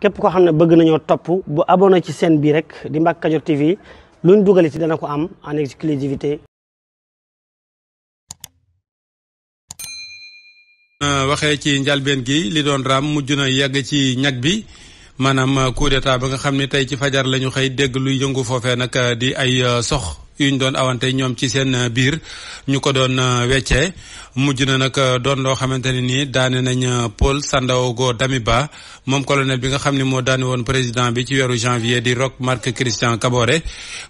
képp koo xam ne bëgg nañoo topp bu abonné ci seen bii rek di Mbacke Kadior TV luñ dugal ci dana ko am en exclusivité waxee ci njalbeen gi li doon raam mujj na yegg ci ñag bi maanaam coup d'état ba nga xam ne tey ci fajar lañu xëy dégg luy yëngu foofee nag di ay sox yuñ doon awante ñoom ci seen biir ñu ko doon weccee mujj na nag euh, doon loo xamante ne nii daane nañ euh, Paul Sandaogo Damiba moom colonel bi nga xam ne moo daane woon président bi ci weeru janvier di Roch Marc Christian Kaboré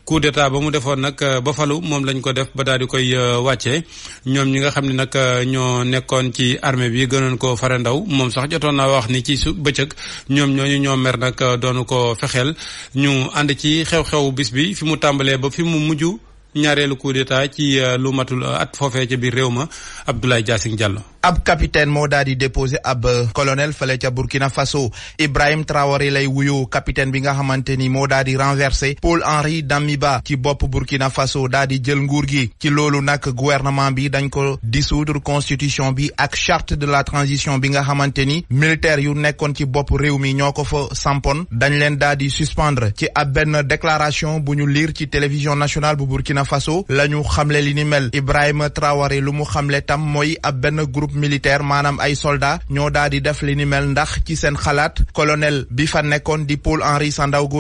coup d'état ba mu defoon nag euh, ba falu moom lañ ko def ba daal di koy wàccee ñoom ñi nga xam ni nag ñoo nekkoon ci armée bi gënoon koo fare ndaw moom sax jotoon naa wax ni ci su bëccëg ñoom ñooñu ñoo mer nag doonu ko fexeel ñu ànd ci xew-xew bis bi fi mu tàmbalee ba fi mu mujj ñaareelu coup d'état ci euh, lu matul euh, at foofee ca biir réew ma Abdoulaye Diassine Diallo. ab capitaine moo daal di déposé ab euh, colonel fële ca Burkina Faso Ibrahim Traoré lay wuyoo capitaine bi nga xamante ni moo daal di renversé Paul Henri ba ci bopp Burkina Faso daal di jël nguur gi ci loolu nag gouvernement bi dañ ko dissoudre constitution bi ak charte de la transition bi nga xamante ni militaire yu nekkoon ci bopp réew mi ñoo ko fa sampoon dañ leen daal di suspendre ci ab benn déclaration bu ñu lire ci télévision nationale bu Burkina Faso la ñu xamle li ni mel Ibrahima Traoré lu mu xamle tam mooy ab benn groupe militaire maanaam ay soldat ñoo daal di def li ni mel ndax ci seen xalaat colonel bi fa nekkoon di Paul Henri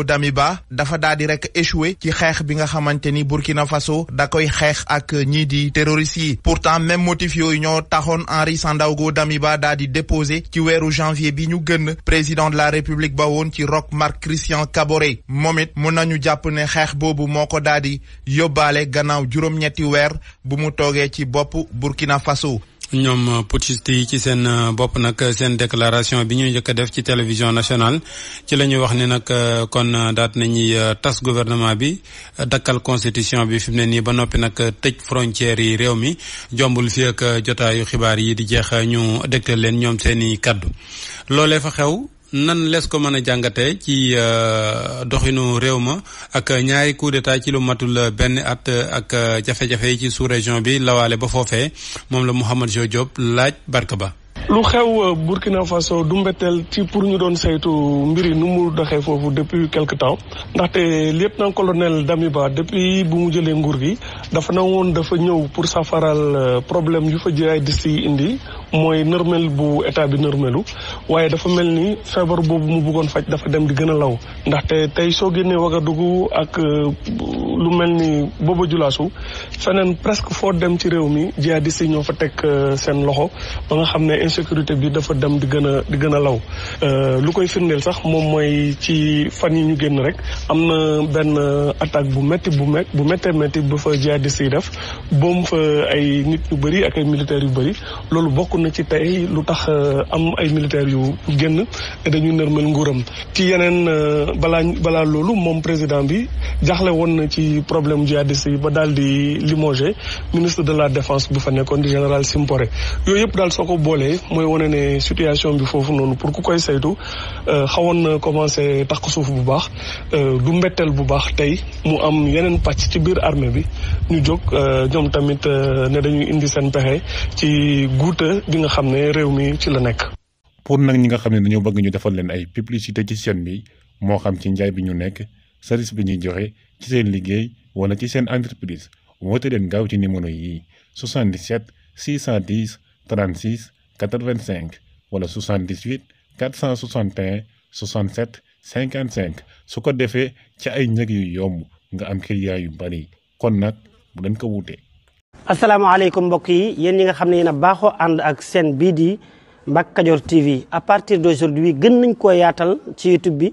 dami ba dafa daal di rek échoué ci xeex bi nga xamante ni Burkina Faso da koy xeex ak ñii di terroristes yi pourtant même motif yooyu ñoo taxoon Henri Sandaogo Damiba ba daadi déposé ci weeru janvier bi ñu gën président de la république ba woon ci Roch Marc Christian moom it nañu jàpp ne xeex boobu moo ko daal faale gannaaw juróom-ñetti weer bu mu toogee ci bopp Burkina Faso. ñoom putschistes yi ci seen euh, bopp nag seen déclaration bi ñu njëkk a def ci télévision nationale ci la ñuy wax ni nag euh, kon euh, daat nañuy tas gouvernement bi dakkal constitution bi fi mu ne nii ba noppi nag tëj frontières yi réew mi jombul fi jotaayu xibaar yi di jeex ñu dëkk leen ñoom seeni kàddu loolee fa xew nan lees ko mën a jàngatee ci euh, doxinu réew ma ak ñaari coup d'état ci lu matul benn at ak euh, jafe-jafe yi ci sous-région bi lawaale ba foofee moom la Mouhamed Jo Diop laaj barka ba lu xew euh, Burkina Faso du mbetteel ci pour ñu doon saytu mbir yi nu mu doxee foofu depuis quelque temps ndaxte lieutenant colonel Damiba depuis bu mu jëlee nguur gi dafa na woon dafa ñëw pour safaral euh, problème yu fa jihadiste yi indi mooy nërmel bu état bi nërmelu waaye dafa mel ni feebar boobu mu buggoon faj dafa dem di gën a law ndaxte tey soo génnee Wagadugu ak euh, lu mel ni booba julaasu feneen presque foo dem ci réew mi jihadistes yi ñoo fa teg euh, seen loxo ba nga xam ne insécurité bi dafa dem di gën a di gën a law euh, lu koy firndeel sax moom mooy ci fan yi ñu génn rek am na benn attaque bu métti bu mét bu méttee métti bu fa jihadistes yi def boom fa ay nit ñu bëri ak ay militaires yu bëri loolu bokk na ci tey lu tax euh, am ay militaires yu génn dañu nërmal nguuram ci yeneen balaa balaa loolu moom président bi jaxle woon ci problème jihadiste yi ba daal di limogé ministre de la defence bu fa nekkoon di général Simpore yooyu yëpp daal soo ko boolee mooy wane ne situation bi foofu noonu pour ku koy saytu euh, xawoon na commencé takk suuf bu baax euh, du mbetteel bu baax tey mu am yeneen pàcc ci biir armée bi ñu jóg euh, ñoom tamit ne dañuy indi seen pexe ci guuta bi nga xam ne réew mi ci la nekk. pour nag ñi nga xam ne dañoo bëgg ñu defal leen ay publicité ci seen bi moo xam ci njaay bi ñu nekk. service bi ñuy joxe ci seen liggéey wala ci seen entreprise woote leen gaaw ci numéro yi 77 610 36 85 wala 78 461 67 55 su ko defee ci ay njëg yu yomb nga am client yu bari kon nag bu leen ko wuute. asalaamaaleykum mbokk yi yéen ñi nga xam ne na baaxoo ànd ak seen bii di Mbacke Kadior TV à partir d'aujourd'hui gën nañ koo yaatal ci YouTube bi.